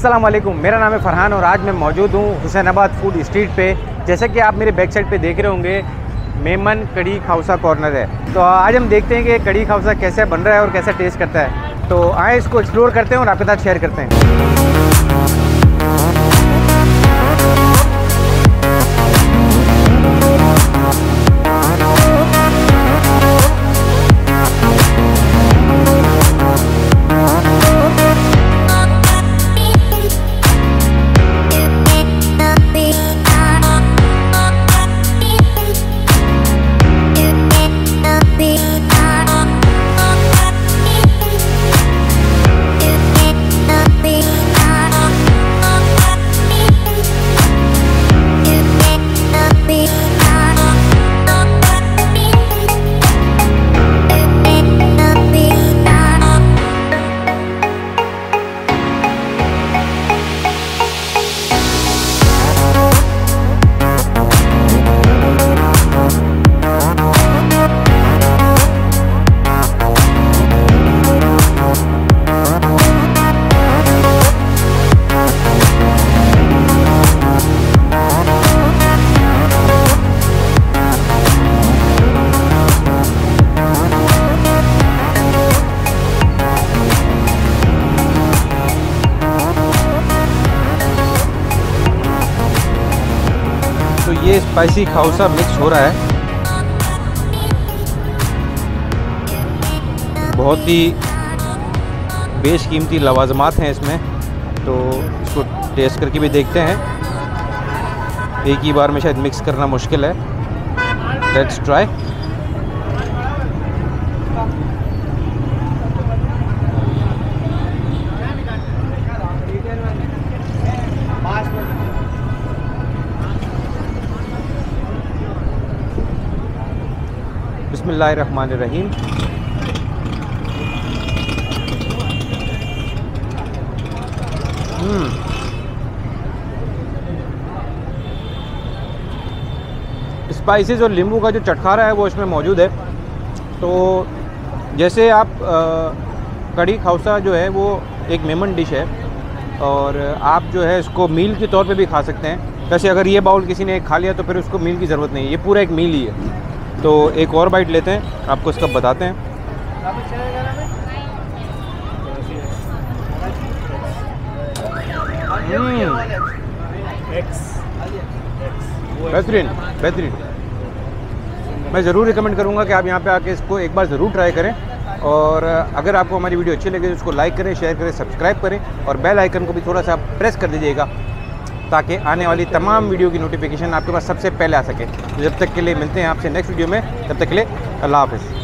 अस्सलाम वालेकुम मेरा नाम है फरहान और आज मैं मौजूद हूँ हुसैनाबाद फूड स्ट्रीट पे जैसे कि आप मेरे बैक साइड पे देख रहे होंगे मेमन कड़ी खाउसा कॉर्नर है तो आज हम देखते हैं कि कड़ी खाउसा कैसे बन रहा है और कैसा टेस्ट करता है तो आए इसको एक्सप्लोर करते हैं और आपके साथ शेयर करते हैं तो ये स्पाइसी खाउसा मिक्स हो रहा है बहुत ही बेशकीमती लवाजमात हैं इसमें तो इसको टेस्ट करके भी देखते हैं एक ही बार में शायद मिक्स करना मुश्किल है लेट्स ट्राई बसमिल्ल रहीम हम्म। स्पाइसेस और लींबू का जो चटखारा है वो इसमें मौजूद है तो जैसे आप कड़ी खौसा जो है वो एक मेमन डिश है और आप जो है इसको मील के तौर पे भी खा सकते हैं जैसे अगर ये बाउल किसी ने खा लिया तो फिर उसको मील की ज़रूरत नहीं है ये पूरा एक मील ही है तो एक और बाइट लेते हैं आपको इसका बताते हैं हम्म। बेहतरीन बेहतरीन मैं ज़रूर रिकमेंड करूंगा कि आप यहाँ पे आके इसको एक बार ज़रूर ट्राई करें और अगर आपको हमारी वीडियो अच्छी लगे तो उसको लाइक करें शेयर करें सब्सक्राइब करें और बेल आइकन को भी थोड़ा सा प्रेस कर दीजिएगा ताकि आने वाली तमाम वीडियो की नोटिफिकेशन आपके पास सबसे पहले आ सके तो जब तक के लिए मिलते हैं आपसे नेक्स्ट वीडियो में तब तक के लिए अल्लाह हाफिज़